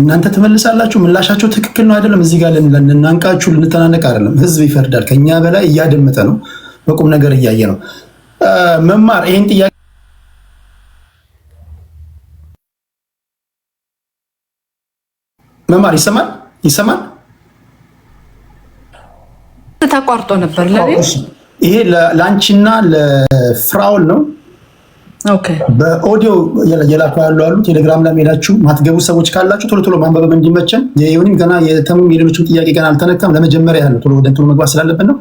እናንተ ትመልሳላችሁ። ምላሻቸው ትክክል ነው አይደለም፣ እዚህ ጋር ልናንቃችሁ ልንተናነቅ አይደለም። ህዝብ ይፈርዳል። ከኛ በላይ እያደመጠ ነው፣ በቁም ነገር እያየ ነው። መማር ይህን ጥያቄ መማር ይሰማል ይሰማል። ተቋርጦ ነበር። ይሄ ለአንቺና ለፍራውል ነው በኦዲዮ የላኩ ያሉ አሉ። ቴሌግራም ላይ ሄዳችሁ ማትገቡ ሰዎች ካላችሁ ቶሎ ቶሎ ማንበብም እንዲመቸን የሆኒም ገና የተሙም የሌሎችም ጥያቄ ገና አልተነካም። ለመጀመሪያ ያለ ቶሎ ወደ እንትኑ መግባት ስላለብን ነው።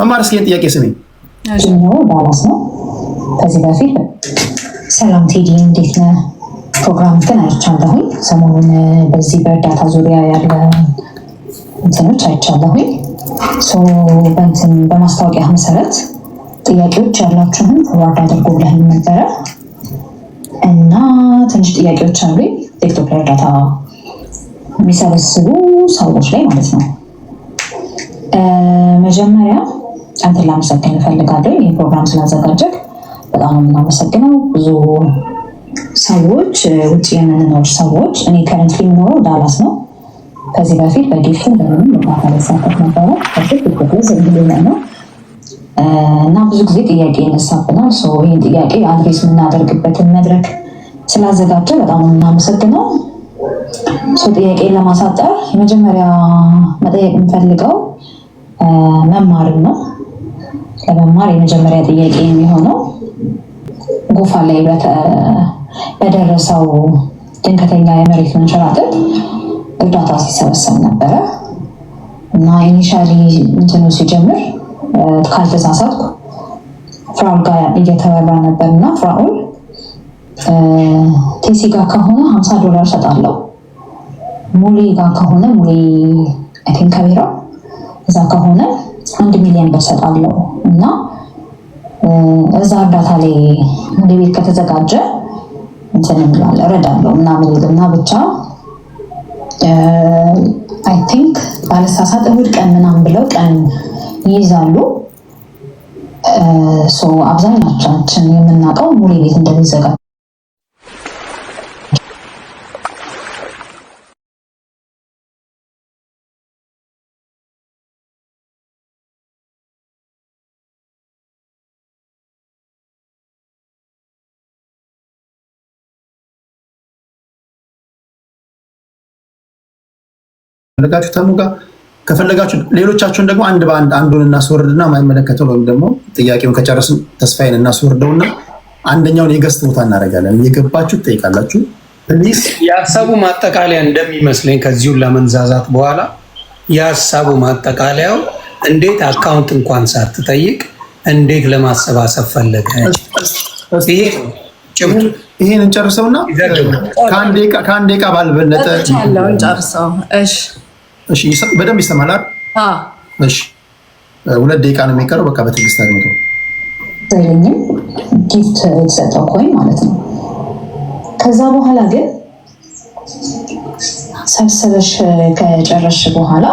መማር እስኪ ጥያቄ ስሜ ከዚህ በፊት ሰላም ቴዲ እንዴት ነህ? ፕሮግራም ግን አይቻለሁኝ። ሰሞኑን በዚህ በእርዳታ ዙሪያ ያለ እንትኖች አይቻለሁኝ። በማስታወቂያ መሰረት ጥያቄዎች ያላችሁን ፎርዋርድ አድርጎልህን ነበረ እና ትንሽ ጥያቄዎች አሉ ቲክቶክ ላይ እርዳታ የሚሰበስቡ ሰዎች ላይ ማለት ነው። መጀመሪያ አንተን ላመሰግን እፈልጋለሁ። ይህ ፕሮግራም ስላዘጋጀህ በጣም የምናመሰግነው። ብዙ ሰዎች ውጭ የምንኖር ሰዎች እኔ ከረንትሊ የምኖረው ዳላስ ነው። ከዚህ በፊት በዲፉ ምንም ማለሳበት ነበረ በፊት ነው እና ብዙ ጊዜ ጥያቄ ይነሳብናል። ይህን ጥያቄ አድሬስ የምናደርግበትን መድረክ ስላዘጋጀ በጣም ሰው ጥያቄን ለማሳጠር የመጀመሪያ መጠየቅ የምፈልገው መማርን ነው። ለመማር የመጀመሪያ ጥያቄ የሚሆነው ጎፋ ላይ በደረሰው ድንገተኛ የመሬት መንሸራተት እርዳታ ሲሰበሰብ ነበረ እና ኢኒሻሊ እንትኑ ሲጀምር ካልተሳሳትኩ ፍራውን ጋር እየተበራ ነበር እና ፍራውን ቴሲ ጋር ከሆነ ሀምሳ ዶላር ሰጣለው። ሙሌ ጋር ከሆነ ሙሌ ቲን ከቢራው እዛ ከሆነ አንድ ሚሊዮን ብር ሰጣለው እና እዛ እርዳታ ላይ ወደ ቤት ከተዘጋጀ እንትን ብሏል እረዳለው ምናምን እና ብቻ አይ ቲንክ ባለሳሳት እሑድ ቀን ምናምን ብለው ቀን ይይዛሉ። አብዛኛቻችን የምናውቀው ሙሌ ቤት እንደሚዘጋጅ ያደረጋችሁ ተሙ ጋር ከፈለጋችሁ ሌሎቻችሁን ደግሞ አንድ በአንድ አንዱን እናስወርድና የማይመለከተው ወይም ደግሞ ጥያቄውን ከጨረስን ተስፋዬን እናስወርደውና አንደኛውን የገስት ቦታ እናደርጋለን። እየገባችሁ ትጠይቃላችሁ። የሀሳቡ ማጠቃለያ እንደሚመስለኝ ከዚሁን ለመንዛዛት በኋላ የሀሳቡ ማጠቃለያው እንዴት አካውንት እንኳን ሳትጠይቅ እንዴት ለማሰባሰብ ፈለገ? ይሄን እንጨርሰውና ከአንድ ቃ ባልበለጠ ጨርሰው። እሺ እሺ በደንብ ይሰማላል። እሺ ሁለት ደቂቃ ነው የሚቀረው። በቃ በትዕግስት አድምጡ። ጊፍት ኮይን ማለት ነው። ከዛ በኋላ ግን ሰብስበሽ ከጨረስሽ በኋላ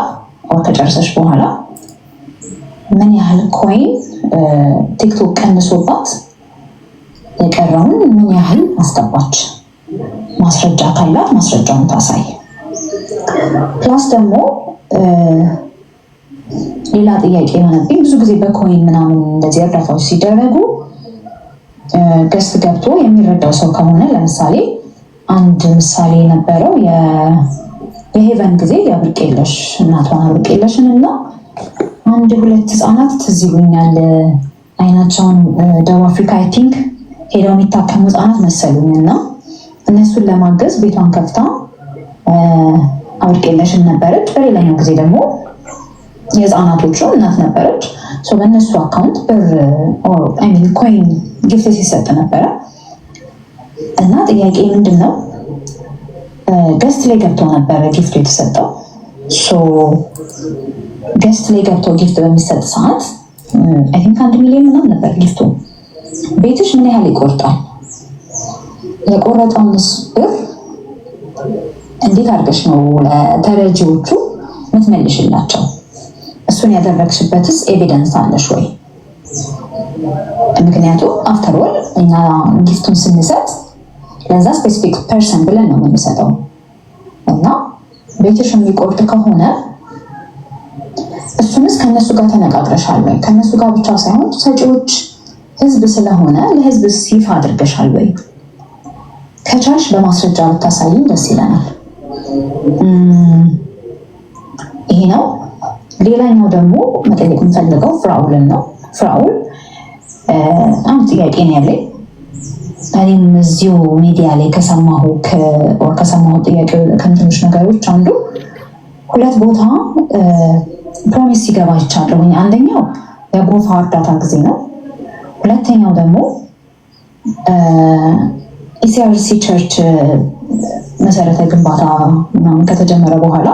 ከጨረሰሽ በኋላ ምን ያህል ኮይን ቲክቶክ ቀንሶባት የቀረውን ምን ያህል አስገባች? ማስረጃ ካላት ማስረጃውን ታሳይ። ፕላስ ደግሞ ሌላ ጥያቄ የሆነብኝ ብዙ ጊዜ በኮይን ምናምን እንደዚህ እርዳታዎች ሲደረጉ ገስት ገብቶ የሚረዳው ሰው ከሆነ ለምሳሌ አንድ ምሳሌ የነበረው የሄቨን ጊዜ የብርቅለሽ እናቷን ብርቅየለሽን እና አንድ ሁለት ህፃናት ትዝ ይሉኛል። አይናቸውን ደቡብ አፍሪካ አይ ቲንክ ሄደው የሚታከሙ ህፃናት መሰሉኝ እና እነሱን ለማገዝ ቤቷን ከፍታ አውቅ ነበረች። በሌላኛው ጊዜ ደግሞ የህፃናቶቹ እናት ነበረች። በእነሱ አካውንት ብር ኮይን ግፍት ሲሰጥ ነበረ እና ጥያቄ ምንድን ነው ገስት ላይ ገብቶ ነበረ ጊፍቱ የተሰጠው። ገስት ላይ ገብቶ ጊፍት በሚሰጥ ሰዓት አይ ቲንክ አንድ ሚሊዮን ምናምን ነበር ጊፍቱ። ቤትሽ ምን ያህል ይቆርጣል? የቆረጠውንስ ብር እንዴት አድርገሽ ነው ለተረጂዎቹ ምትመልሽላቸው? እሱን ያደረግሽበትስ ኤቪደንስ አለሽ ወይ? ምክንያቱም አፍተርወል እኛ ጊፍቱን ስንሰጥ ለዛ ስፔሲፊክ ፐርሰን ብለን ነው የምንሰጠው እና ቤትሽ የሚቆርጥ ከሆነ እሱንስ ከእነሱ ጋር ተነጋግረሻል ወይ? ከእነሱ ጋር ብቻ ሳይሆን ሰጪዎች ህዝብ ስለሆነ ለህዝብ ሲፋ አድርገሻል ወይ? ከቻሽ በማስረጃ ብታሳይም ደስ ይለናል። ይሄ ነው። ሌላኛው ደግሞ መጠየቅ የምፈልገው ፍራውልን ነው። ፍራውል አሁን ጥያቄ ነው ያለኝ እኔም እዚሁ ሚዲያ ላይ ከሰማሁ ከሰማሁ ጥያቄ ከምትኖች ነገሮች አንዱ ሁለት ቦታ ፕሮሚስ ሲገባ ይቻለሁኝ። አንደኛው የጎፋ እርዳታ ጊዜ ነው። ሁለተኛው ደግሞ ኢሲአርሲ ቸርች መሰረተ ግንባታ ምናምን ከተጀመረ በኋላ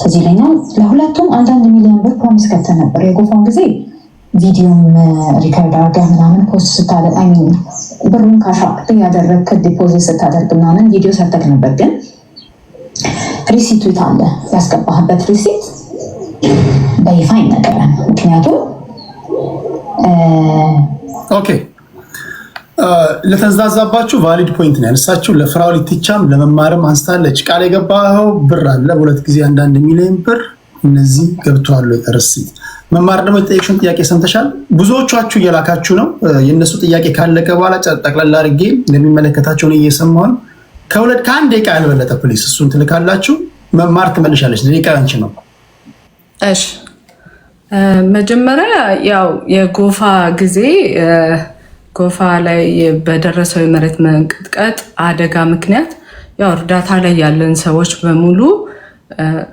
ትዝ ይለኛል ለሁለቱም አንዳንድ ሚሊዮን ብር ፕሮሚስ ከተ ነበር። የጎፋን ጊዜ ቪዲዮም ሪከርድ አድርገህ ምናምን ፖስት ስታደርግ አይሚን ብሩን ካሻቅ ያደረግክ ዲፖዚት ስታደርግ ምናምን ቪዲዮ ሰርተክ ነበር። ግን ሪሲቱ አለ ያስገባህበት ሪሲት በይፋ ይነገራል። ምክንያቱም ኦኬ ለተንዛዛባችሁ ቫሊድ ፖይንት ነው ያነሳችሁ። ለፍራውሊ ቲቻም ለመማርም አንስታለች። ቃል የገባኸው ብር አለ ሁለት ጊዜ አንዳንድ ሚሊዮን ብር እነዚህ ገብተዋል። ርሲ መማር ደግሞ የተጠየቅሽውን ጥያቄ ሰምተሻል። ብዙዎቻችሁ እየላካችሁ ነው። የእነሱ ጥያቄ ካለቀ በኋላ ጠቅላላ አድርጌ ለሚመለከታቸውን እየሰማሁን ከሁለት ከአንድ ደቂቃ ያልበለጠ ፕሊስ፣ እሱን ትልካላችሁ። መማር ትመልሻለች። ደቂቃ አንቺ ነው። እሺ መጀመሪያ ያው የጎፋ ጊዜ ጎፋ ላይ በደረሰው የመሬት መንቀጥቀጥ አደጋ ምክንያት ያው እርዳታ ላይ ያለን ሰዎች በሙሉ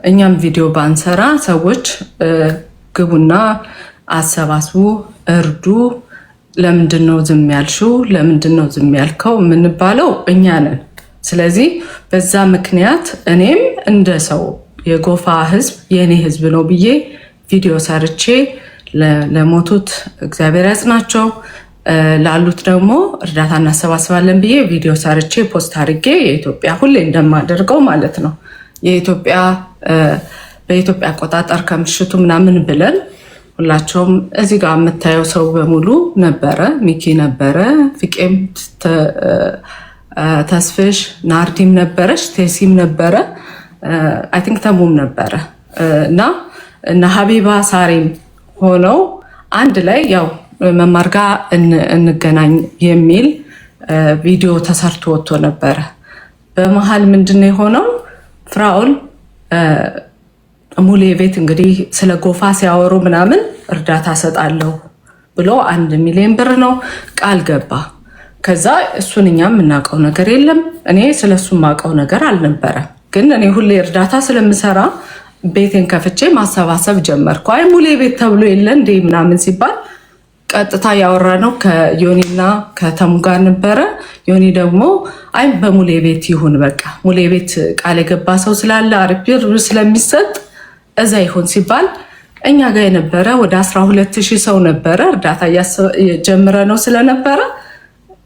እኛም ቪዲዮ ባንሰራ ሰዎች ግቡና አሰባስቡ፣ እርዱ። ለምንድን ነው ዝም ያልሽው? ለምንድን ነው ዝም ያልከው? የምንባለው እኛ ነን። ስለዚህ በዛ ምክንያት እኔም እንደ ሰው የጎፋ ህዝብ የእኔ ህዝብ ነው ብዬ ቪዲዮ ሰርቼ ለሞቱት እግዚአብሔር ያጽናቸው ላሉት ደግሞ እርዳታ እናሰባስባለን ብዬ ቪዲዮ ሰርቼ ፖስት አድርጌ የኢትዮጵያ ሁሌ እንደማደርገው ማለት ነው የኢትዮጵያ በኢትዮጵያ አቆጣጠር ከምሽቱ ምናምን ብለን ሁላቸውም እዚህ ጋር የምታየው ሰው በሙሉ ነበረ። ሚኪ ነበረ፣ ፍቄም፣ ተስፍሽ፣ ናርዲም ነበረች፣ ቴሲም ነበረ፣ አይ ቲንክ ተሙም ነበረ እና እና ሀቢባ ሳሪም ሆነው አንድ ላይ ያው መማር ጋር እንገናኝ የሚል ቪዲዮ ተሰርቶ ወጥቶ ነበረ። በመሀል ምንድነው የሆነው? ፍራውል ሙሌ ቤት እንግዲህ ስለ ጎፋ ሲያወሩ ምናምን እርዳታ ሰጣለሁ ብሎ አንድ ሚሊዮን ብር ነው ቃል ገባ። ከዛ እሱን እኛ የምናውቀው ነገር የለም። እኔ ስለ እሱ የማውቀው ነገር አልነበረም። ግን እኔ ሁሌ እርዳታ ስለምሰራ ቤቴን ከፍቼ ማሰባሰብ ጀመርኩ። አይ ሙሌ ቤት ተብሎ የለ እንዴ ምናምን ሲባል ቀጥታ ያወራ ነው ከዮኒና ከተሙ ጋር ነበረ። ዮኒ ደግሞ አይ በሙሌ ቤት ይሁን በቃ ሙሌ ቤት ቃል የገባ ሰው ስላለ አሪፍ ስለሚሰጥ እዛ ይሁን ሲባል እኛ ጋር የነበረ ወደ 12 ሺህ ሰው ነበረ እርዳታ ጀምረ ነው ስለነበረ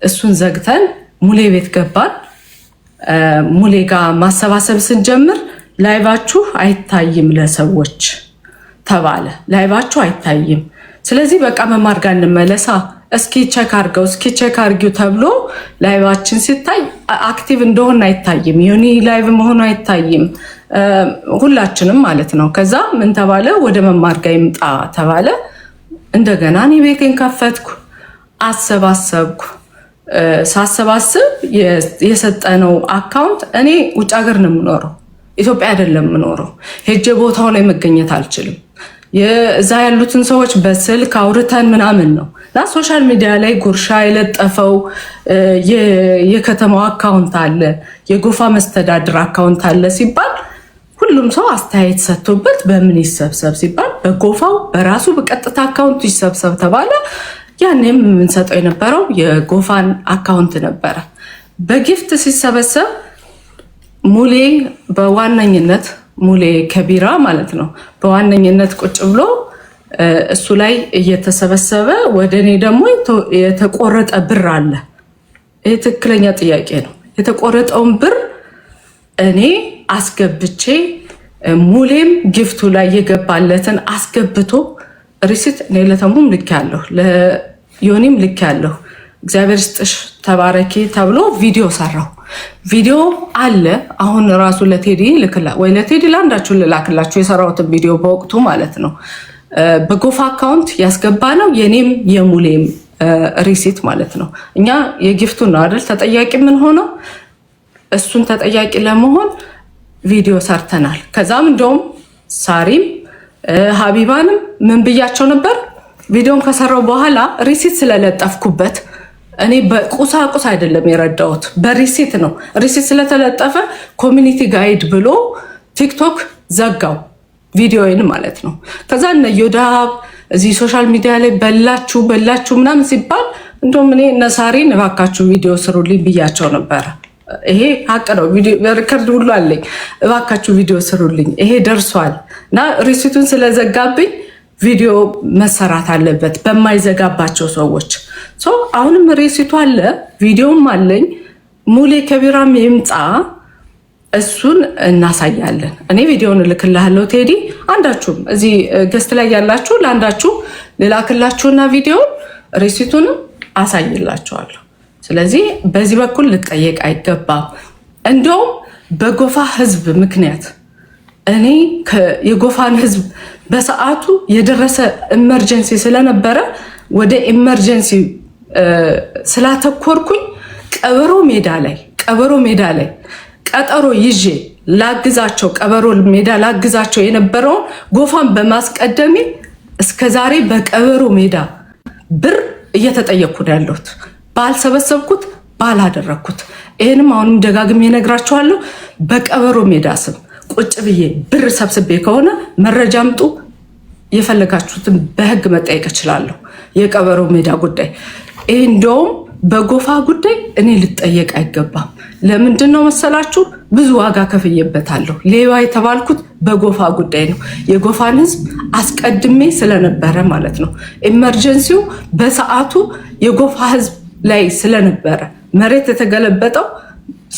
እሱን ዘግተን ሙሌ ቤት ገባን። ሙሌ ጋር ማሰባሰብ ስንጀምር ላይቫችሁ አይታይም ለሰዎች ተባለ። ላይቫችሁ አይታይም ስለዚህ በቃ መማር ጋር እንመለሳ፣ እስኪ ቼክ አርገው፣ እስኪ ቼክ አርጊው ተብሎ ላይቫችን ሲታይ አክቲቭ እንደሆን አይታይም። ዩኒ ላይቭ መሆኑ አይታይም፣ ሁላችንም ማለት ነው። ከዛ ምን ተባለ? ወደ መማር ጋር ይምጣ ተባለ። እንደገና እኔ ቤቴን ከፈትኩ፣ አሰባሰብኩ። ሳሰባስብ የሰጠነው አካውንት እኔ ውጭ ሀገር ነው የምኖረው፣ ኢትዮጵያ አይደለም የምኖረው። ሄጄ ቦታው ላይ መገኘት አልችልም። እዛ ያሉትን ሰዎች በስልክ አውርተን ምናምን ነው እና ሶሻል ሚዲያ ላይ ጉርሻ የለጠፈው የከተማው አካውንት አለ፣ የጎፋ መስተዳድር አካውንት አለ ሲባል ሁሉም ሰው አስተያየት ሰጥቶበት በምን ይሰብሰብ ሲባል በጎፋው በራሱ በቀጥታ አካውንቱ ይሰብሰብ ተባለ። ያኔም የምንሰጠው የነበረው የጎፋን አካውንት ነበረ። በጊፍት ሲሰበሰብ ሙሌ በዋነኝነት ሙሌ ከቢራ ማለት ነው በዋነኝነት ቁጭ ብሎ እሱ ላይ እየተሰበሰበ ወደ እኔ ደግሞ የተቆረጠ ብር አለ። ይህ ትክክለኛ ጥያቄ ነው። የተቆረጠውን ብር እኔ አስገብቼ ሙሌም ግፍቱ ላይ የገባለትን አስገብቶ ሪሲት እኔ ለተሙም ልክ ያለሁ ለዮኒም ልክ ያለሁ እግዚአብሔር ስጥሽ ተባረኪ ተብሎ ቪዲዮ ሰራው። ቪዲዮ አለ አሁን ራሱ ለቴዲ ልክላ ወይ ለቴዲ ለአንዳችሁ ልላክላችሁ የሰራሁትን ቪዲዮ በወቅቱ ማለት ነው። በጎፋ አካውንት ያስገባ ነው የኔም የሙሌም ሪሲት ማለት ነው። እኛ የጊፍቱ ነው አይደል ተጠያቂ ምን እሱን ተጠያቂ ለመሆን ቪዲዮ ሰርተናል። ከዛም እንደውም ሳሪም ሀቢባንም ምን ብያቸው ነበር ቪዲዮን ከሰራው በኋላ ሪሲት ስለለጠፍኩበት እኔ በቁሳቁስ አይደለም የረዳሁት፣ በሪሴት ነው። ሪሴት ስለተለጠፈ ኮሚኒቲ ጋይድ ብሎ ቲክቶክ ዘጋው ቪዲዮዬን ማለት ነው። ከዛ እነ ዮዳብ እዚህ ሶሻል ሚዲያ ላይ በላችሁ በላችሁ ምናምን ሲባል እንደውም እኔ እነ ሳሪን እባካችሁ ቪዲዮ ስሩልኝ ብያቸው ነበረ። ይሄ ሀቅ ነው። ሪከርድ ሁሉ አለኝ። እባካችሁ ቪዲዮ ስሩልኝ፣ ይሄ ደርሷል እና ሪሲቱን ስለዘጋብኝ ቪዲዮ መሰራት አለበት በማይዘጋባቸው ሰዎች። አሁንም ሬሲቱ አለ፣ ቪዲዮም አለኝ። ሙሌ ከቢራም ይምጣ እሱን እናሳያለን። እኔ ቪዲዮን እልክልሃለሁ ቴዲ። አንዳችሁም እዚህ ገስት ላይ ያላችሁ ለአንዳችሁ ልላክላችሁና ቪዲዮ ሬሲቱንም አሳይላችኋለሁ። ስለዚህ በዚህ በኩል ልጠየቅ አይገባም። እንዲሁም በጎፋ ህዝብ ምክንያት እኔ የጎፋን ህዝብ በሰዓቱ የደረሰ ኤመርጀንሲ ስለነበረ ወደ ኤመርጀንሲ ስላተኮርኩኝ ቀበሮ ሜዳ ላይ ቀበሮ ሜዳ ላይ ቀጠሮ ይዤ ላግዛቸው ቀበሮ ሜዳ ላግዛቸው የነበረውን ጎፋን በማስቀደሜ እስከዛሬ በቀበሮ ሜዳ ብር እየተጠየቅኩ ነው ያለሁት። ባልሰበሰብኩት ባላደረግኩት። ይህንም አሁንም ደጋግሜ እነግራችኋለሁ በቀበሮ ሜዳ ስም ቁጭ ብዬ ብር ሰብስቤ ከሆነ መረጃ አምጡ፣ የፈለጋችሁትን በህግ መጠየቅ እችላለሁ። የቀበሮ ሜዳ ጉዳይ ይህ እንደውም በጎፋ ጉዳይ እኔ ልጠየቅ አይገባም። ለምንድን ነው መሰላችሁ? ብዙ ዋጋ ከፍዬበታለሁ። ሌባ የተባልኩት በጎፋ ጉዳይ ነው። የጎፋን ህዝብ አስቀድሜ ስለነበረ ማለት ነው። ኤመርጀንሲው በሰዓቱ የጎፋ ህዝብ ላይ ስለነበረ መሬት የተገለበጠው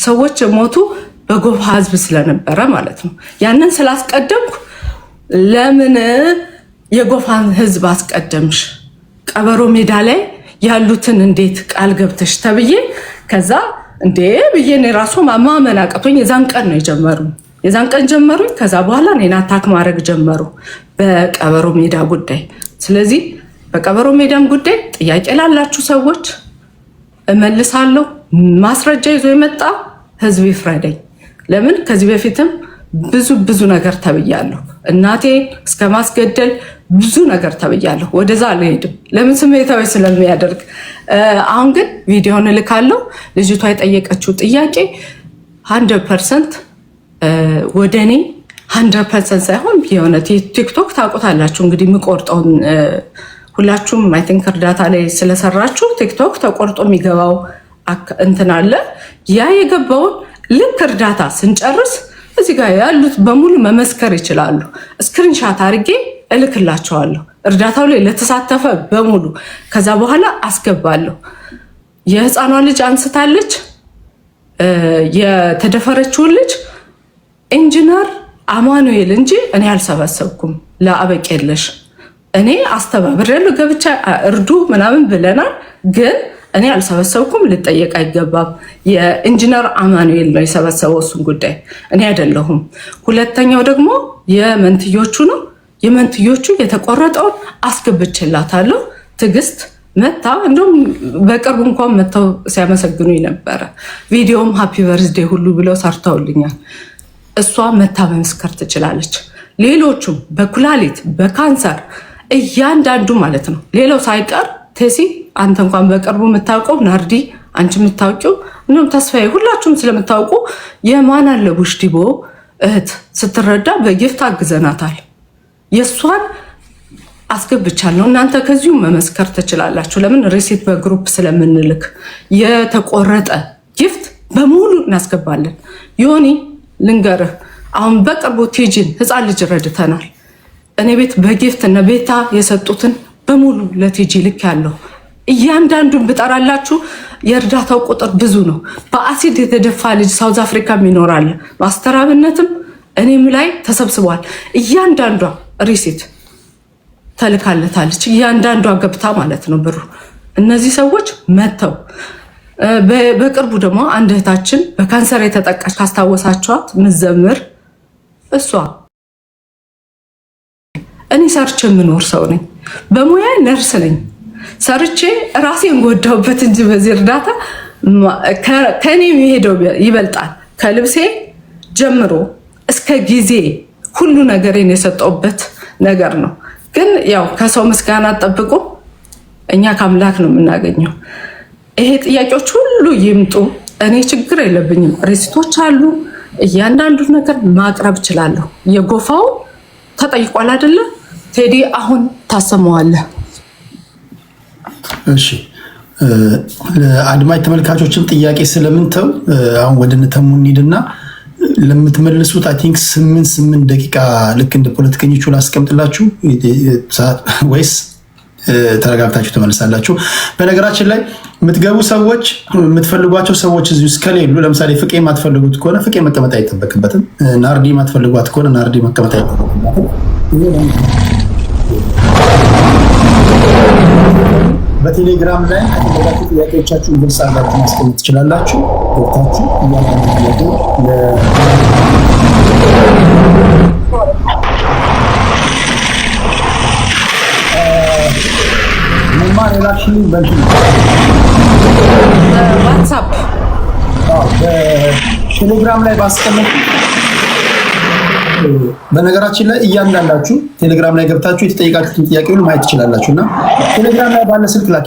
ሰዎች የሞቱ በጎብ ህዝብ ስለነበረ ማለት ነው። ያንን ስላስቀደምኩ ለምን የጎፋን ህዝብ አስቀደምሽ? ቀበሮ ሜዳ ላይ ያሉትን እንዴት ቃል ገብተሽ ተብዬ ከዛ እንዴ ብዬ እኔ ራሱ ማመን አቅቶኝ የዛን ቀን ነው የጀመሩ የዛን ቀን ጀመሩኝ። ከዛ በኋላ እኔን አታክ ማድረግ ጀመሩ በቀበሮ ሜዳ ጉዳይ። ስለዚህ በቀበሮ ሜዳም ጉዳይ ጥያቄ ላላችሁ ሰዎች እመልሳለሁ። ማስረጃ ይዞ የመጣ ህዝብ ይፍረደኝ። ለምን ከዚህ በፊትም ብዙ ብዙ ነገር ተብያለሁ። እናቴ እስከ ማስገደል ብዙ ነገር ተብያለሁ። ወደዛ አልሄድም፣ ለምን ስሜታዊ ስለሚያደርግ። አሁን ግን ቪዲዮን እልካለሁ። ልጅቷ የጠየቀችው ጥያቄ ሀንድረድ ፐርሰንት ወደ እኔ ሀንድረድ ፐርሰንት ሳይሆን የሆነ ቲክቶክ ታውቁታላችሁ እንግዲህ የምቆርጠውን ሁላችሁም አይ ቲንክ እርዳታ ላይ ስለሰራችሁ ቲክቶክ ተቆርጦ የሚገባው እንትን አለ ያ የገባውን ልክ እርዳታ ስንጨርስ እዚህ ጋር ያሉት በሙሉ መመስከር ይችላሉ። ስክሪንሻት አድርጌ እልክላቸዋለሁ። እርዳታው ላይ ለተሳተፈ በሙሉ ከዛ በኋላ አስገባለሁ። የህፃኗ ልጅ አንስታለች። የተደፈረችውን ልጅ ኢንጂነር አማኑኤል እንጂ እኔ አልሰበሰብኩም። ለአበቅ የለሽ እኔ አስተባብሬያለሁ። ገብቻ እርዱ ምናምን ብለናል ግን እኔ አልሰበሰብኩም፣ ልጠየቅ አይገባም። የኢንጂነር አማኑኤል ነው የሰበሰበው እሱን ጉዳይ እኔ አይደለሁም። ሁለተኛው ደግሞ የመንትዮቹ ነው። የመንትዮቹ የተቆረጠውን አስገብችላታለሁ። ትዕግስት መታ እንዲሁም በቅርቡ እንኳን መጥተው ሲያመሰግኑ ነበረ። ቪዲዮም ሃፒ በርዝዴ ሁሉ ብለው ሰርተውልኛል። እሷ መታ መመስከር ትችላለች። ሌሎቹም በኩላሊት በካንሰር እያንዳንዱ ማለት ነው ሌላው ሳይቀር ቴሲ አንተ እንኳን በቅርቡ የምታውቀው ናርዲ፣ አንቺ የምታውቂው እንዲሁም ተስፋዬ፣ ሁላችሁም ስለምታውቁ የማን አለ ዲቦ እህት ስትረዳ በጊፍት አግዘናታል። የእሷን አስገብቻለሁ። እናንተ ከዚሁ መመስከር ትችላላችሁ። ለምን ሪሲት በግሩፕ ስለምንልክ የተቆረጠ ጊፍት በሙሉ እናስገባለን። ዮኒ ልንገርህ፣ አሁን በቅርቡ ቲጂን ህፃን ልጅ ረድተናል። እኔ ቤት በጊፍት እነ ቤታ የሰጡትን በሙሉ ለቲጂ ልክ ያለው እያንዳንዱን ብጠራላችሁ የእርዳታው ቁጥር ብዙ ነው። በአሲድ የተደፋ ልጅ ሳውዝ አፍሪካም ይኖራል። በአስተራብነትም እኔም ላይ ተሰብስቧል። እያንዳንዷ ሪሲት ተልካለታለች። እያንዳንዷ ገብታ ማለት ነው ብሩ እነዚህ ሰዎች መጥተው በቅርቡ ደግሞ አንድ እህታችን በካንሰር የተጠቃች ካስታወሳቸዋት ምዘምር እሷ እኔ ሰርች የምኖር ሰው ነኝ። በሙያ ነርስ ነኝ። ሰርቼ ራሴን ጎዳሁበት እንጂ በዚህ እርዳታ ከኔ የሚሄደው ይበልጣል። ከልብሴ ጀምሮ እስከ ጊዜ ሁሉ ነገሬን የሰጠውበት ነገር ነው። ግን ያው ከሰው ምስጋና ጠብቁ፣ እኛ ከአምላክ ነው የምናገኘው። ይሄ ጥያቄዎች ሁሉ ይምጡ፣ እኔ ችግር የለብኝም። ሬሲቶች አሉ፣ እያንዳንዱ ነገር ማቅረብ እችላለሁ። የጎፋው ተጠይቋል አይደለ? ቴዲ አሁን ታሰማዋለህ። እሺ ለአድማጭ ተመልካቾችም ጥያቄ ስለምንተው አሁን ወደ ነተሙ እንሂድና ለምትመልሱት አይ ቲንክ ስምንት ስምንት ደቂቃ ልክ እንደ ፖለቲከኞቹ ላስቀምጥላችሁ ወይስ ተረጋግታችሁ ትመልሳላችሁ? በነገራችን ላይ የምትገቡ ሰዎች የምትፈልጓቸው ሰዎች እዚሁ እስከሌሉ፣ ለምሳሌ ፍቄ ማትፈልጉት ከሆነ ፍቄ መቀመጥ አይጠበቅበትም። ናርዲ ማትፈልጓት ከሆነ ናርዲ መቀመጥ አይጠበቅበትም። በቴሌግራም ላይ ከተደራችሁ ጥያቄዎቻችሁን ግልጽ አድርጋችሁ ማስቀመጥ ትችላላችሁ። ገብታችሁ እያንዳንዱ ጥያቄ መማር የላክሽን በእንትን ዋትሳፕ በቴሌግራም ላይ ባስቀመጥ በነገራችን ላይ እያንዳንዳችሁ ቴሌግራም ላይ ገብታችሁ የተጠየቃችሁትን ጥያቄ ሁሉ ማየት ትችላላችሁ እና ቴሌግራም ላይ ባለ ስልክ ላኪ።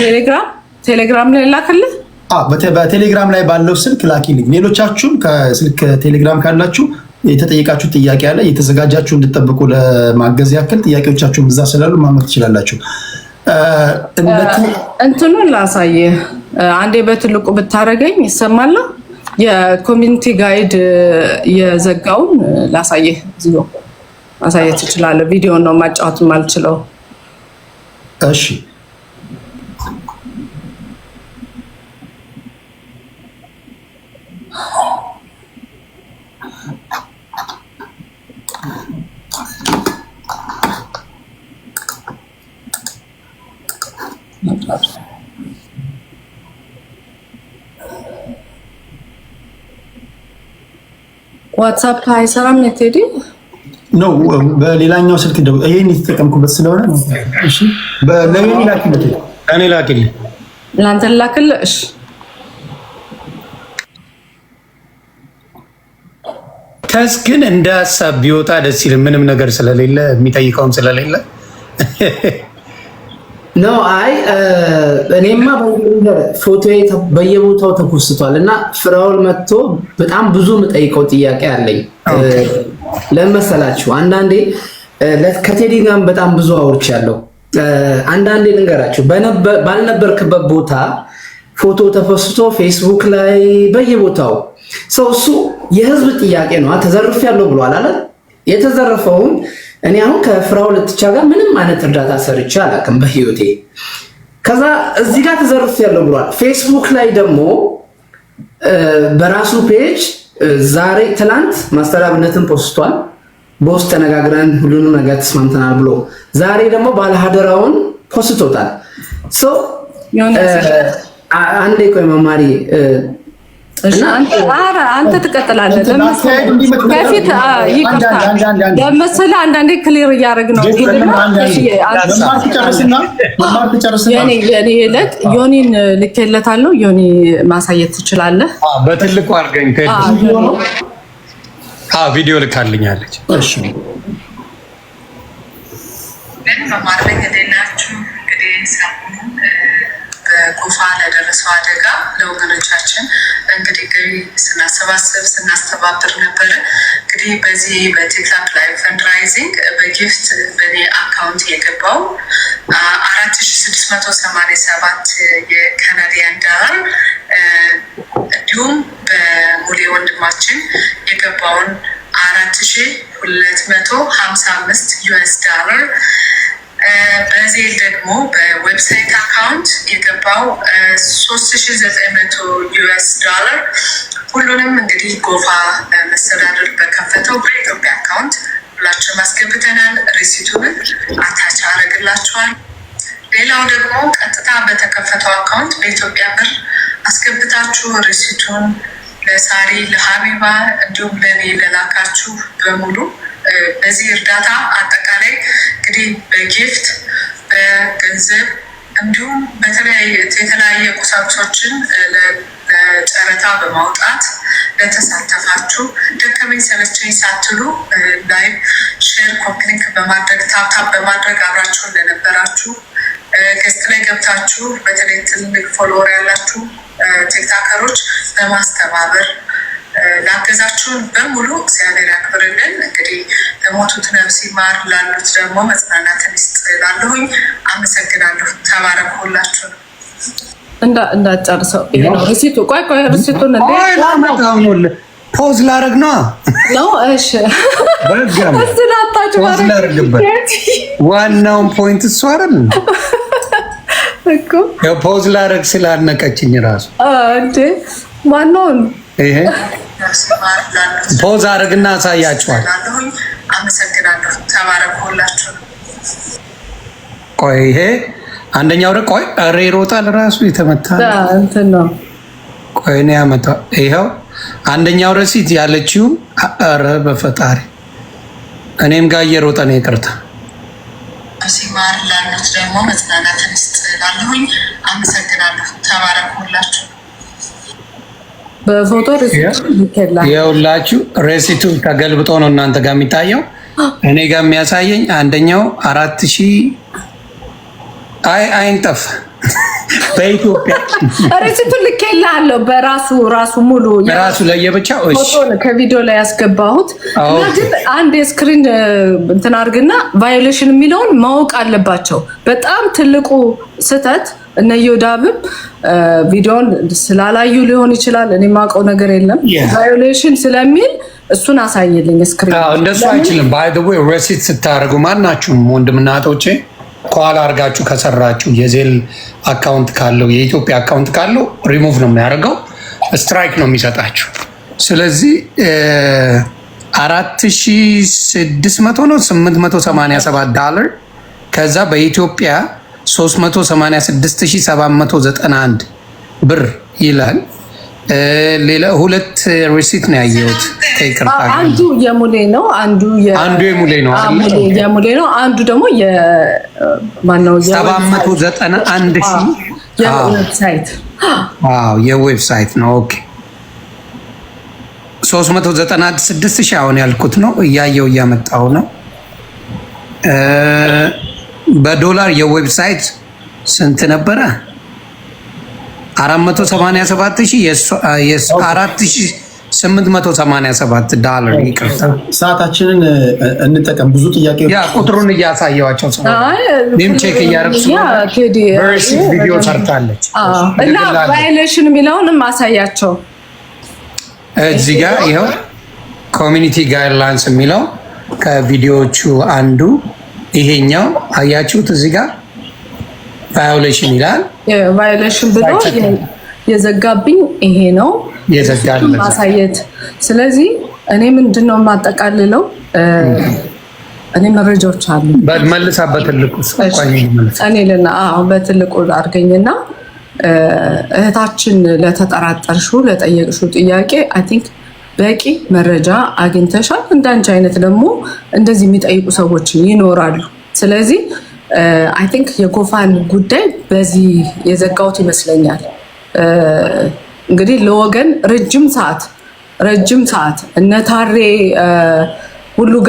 ቴሌግራም ቴሌግራም ላይ ላክልህ። በቴሌግራም ላይ ባለው ስልክ ላኪልኝ። ሌሎቻችሁም ከስልክ ቴሌግራም ካላችሁ የተጠየቃችሁ ጥያቄ አለ። የተዘጋጃችሁ እንድጠብቁ ለማገዝ ያክል ጥያቄዎቻችሁም እዛ ስላሉ ማመት ትችላላችሁ። እንትኑን ላሳየ አንዴ በትልቁ ብታረገኝ ይሰማል። የኮሚኒቲ ጋይድ የዘጋውን ላሳየህ፣ እዚሁ ማሳየት ትችላለህ። ቪዲዮ ነው ማጫወት ማልችለው። እሺ Thank ዋትሳፕ አይሰራም ነው ቴዲ ነው በሌላኛው ስልክ እንደው ይሄን የተጠቀምኩበት ስለሆነ ነው። እሺ በለኔ ላኪለት እኔ ላኪልህ ለአንተ ላክልህ። እሺ ተስ ግን እንደ ሀሳብ ቢወጣ ደስ ይል ምንም ነገር ስለሌለ የሚጠይቀውም ስለሌለ ነው አይ እኔማ ፎቶ በየቦታው ተኮስቷል፣ እና ፍራውል መጥቶ በጣም ብዙ የምጠይቀው ጥያቄ አለኝ። ለምን መሰላችሁ? አንዳንዴ ከቴዲ ጋርም በጣም ብዙ አውርቻለሁ። አንዳንዴ ልንገራችሁ፣ ባልነበርክበት ቦታ ፎቶ ተፈስቶ ፌስቡክ ላይ በየቦታው ሰው እሱ የህዝብ ጥያቄ ነው ተዘርፍ ያለው ብሏል አለ የተዘረፈውን እኔ አሁን ከፍራው ልትቻ ጋር ምንም አይነት እርዳታ ሰርቼ አላውቅም በህይወቴ። ከዛ እዚህ ጋር ተዘርፍ ያለው ብሏል። ፌስቡክ ላይ ደግሞ በራሱ ፔጅ ዛሬ ትላንት ማስተራብነትን ፖስቷል። በውስጥ ተነጋግረን ሁሉንም ነገር ተስማምተናል ብሎ ዛሬ ደግሞ ባለሀደራውን ፖስቶታል። አንዴ ቆይ መማሪ አንተ ትቀጥላለህ። ከፊት አንዳንዴ ክሊር እያደረግ ነው። ዕለት ዮኒን ልኬለታለሁ። ዮኒ ማሳየት ትችላለህ። በትልቁ አድርገኝ ቪዲዮ ልካልኛለች። ሰላም በጎፋ ለደረሰው አደጋ ለወገኖቻችን እንግዲህ ገቢ ስናሰባስብ ስናስተባብር ነበረ። እንግዲህ በዚህ በቲክታክ ላይ ፈንድራይዚንግ በጊፍት በኔ አካውንት የገባው አራት ሺ ስድስት መቶ ሰማኒያ ሰባት የካናዲያን ዳር እንዲሁም በሙሌ ወንድማችን የገባውን አራት ሺ ሁለት መቶ ሀምሳ አምስት ዩኤስ ዳላር ብራዚል ደግሞ በዌብሳይት አካውንት የገባው ሶስት ሺ ዘጠኝ መቶ ዩኤስ ዶላር ሁሉንም እንግዲህ ጎፋ መስተዳድር በከፈተው በኢትዮጵያ አካውንት ሁላችሁም አስገብተናል። ሪሲቱንም አታች አረግላቸዋል። ሌላው ደግሞ ቀጥታ በተከፈተው አካውንት በኢትዮጵያ ብር አስገብታችሁ ሪሲቱን ለሳሪ ለሀቢባ እንዲሁም ለእኔ ለላካችሁ በሙሉ በዚህ እርዳታ አጠቃላይ እንግዲህ በጊፍት በገንዘብ እንዲሁም በተለያየ የተለያየ ቁሳቁሶችን ለጨረታ በማውጣት ለተሳተፋችሁ ደከመኝ ሰለቸኝ ሳትሉ ላይ ሼር ኮፕሊንክ በማድረግ ታፕታፕ በማድረግ አብራችሁን ለነበራችሁ ገስት ላይ ገብታችሁ በተለይ ትልልቅ ፎሎወር ያላችሁ ቲክታከሮች በማስተባበር ላገዛችሁን በሙሉ እግዚአብሔር ያክብርልን። እንግዲህ ለሞቱት ነፍስ ይማር ላሉት ደግሞ መጽናናትን ይስጥ ላለሁኝ አመሰግናለሁ። ተባረኩ ሁላችሁ ነው። እንዳጨርሰው ርሲቱ ቆይ ቆይ ርሲቱን ፖዝ ላረግ ነው ነው። እሺ ዋናውን ፖይንት እሱ አይደል እኮ ፖዝ ላረግ ስላነቀችኝ ራሱ እንዴ ማነውን ይሄ ፖዝ አድርግና አሳያችኋል። አመሰግናለሁ። ተባረኩላችሁ። ቆይ ይሄ አንደኛው ረ ቆይ ኧረ ይሮጣል ራሱ የተመታ እንትን ነው። ቆይ እኔ ያመጣው ይኸው አንደኛው ረሲት ያለችው ኧረ በፈጣሪ እኔም ጋር እየሮጠ ነው። ይቅርታ ሲማር ላሉት ደግሞ መጽናናትን ስጥ ላለሁኝ አመሰግናለሁ። ተባረኩላችሁ። በፎቶ የሁላችሁ ሬሲቱ ተገልብጦ ነው እናንተ ጋር የሚታየው። እኔ ጋር የሚያሳየኝ አንደኛው አራት ሺህ አይ አይንጠፍ በኢትዮጵያ ሬሲቱን ልኬልሃለሁ። በራሱ ራሱ ሙሉ ራሱ ለየብቻ ከቪዲዮ ላይ ያስገባሁት ግን አንድ የስክሪን እንትን አድርግና ቫዮሌሽን የሚለውን ማወቅ አለባቸው። በጣም ትልቁ ስህተት እነ ዮዳብም ቪዲዮን ስላላዩ ሊሆን ይችላል። እኔ የማውቀው ነገር የለም። ቫዮሌሽን ስለሚል እሱን አሳየልኝ ስክሪን። እንደሱ አይችልም። ባይ ዘ ዌይ ሬሲት ስታደርጉ ማናችሁም ወንድምና እህቶቼ ከኋላ አድርጋችሁ ከሰራችሁ የዜል አካውንት ካለው የኢትዮጵያ አካውንት ካለው ሪሙቭ ነው የሚያደርገው፣ ስትራይክ ነው የሚሰጣችሁ። ስለዚህ አራት ሺ ስድስት መቶ ነው ስምንት መቶ ሰማንያ ሰባት ዳላር ከዛ በኢትዮጵያ ሶስት መቶ ሰማንያ ስድስት ሺ ሰባት መቶ ዘጠና አንድ ብር ይላል። ሌላ ሁለት ሪሲት ነው ያየሁት። አንዱ የሙሌ ነው፣ አንዱ አንዱ የሙሌ ነው የሙሌ ነው፣ አንዱ ደግሞ የማነው? ሰባት መቶ ዘጠና አንድ ሺ የዌብሳይት የዌብሳይት ነው። ኦኬ ሶስት መቶ ዘጠና ስድስት ሺ አሁን ያልኩት ነው። እያየው እያመጣው ነው በዶላር የዌብሳይት ስንት ነበረ? 4877 ዳላር ይቅርታ፣ ሰዓታችንን እንጠቀም። ብዙ ጥያቄዎች ያ ቁጥሩን እያሳየዋቸው እኔም ቼክ እያደረግኩ ቪዲዮ ሰርታለች እና ቫይሌሽን የሚለውንም አሳያቸው። እዚህ ጋር ይኸው ኮሚኒቲ ጋይድላይንስ የሚለው ከቪዲዮዎቹ አንዱ ይሄኛው አያችሁት እዚህ ጋር ቫዮሌሽን ይላል። ቫዮሌሽን ብሎ የዘጋብኝ ይሄ ነው ማሳየት። ስለዚህ እኔ ምንድን ነው የማጠቃልለው? እኔ መረጃዎች አሉ መልሳ በትልቁ እኔልና በትልቁ አድርገኝና እህታችን ለተጠራጠርሹ ለጠየቅሹ ጥያቄ አይ ቲንክ በቂ መረጃ አግኝተሻል። እንዳንቺ አይነት ደግሞ እንደዚህ የሚጠይቁ ሰዎች ይኖራሉ። ስለዚህ አይ ቲንክ የጎፋን ጉዳይ በዚህ የዘጋውት ይመስለኛል። እንግዲህ ለወገን ረጅም ሰዓት ረጅም ሰዓት እነ ታሬ ሁሉ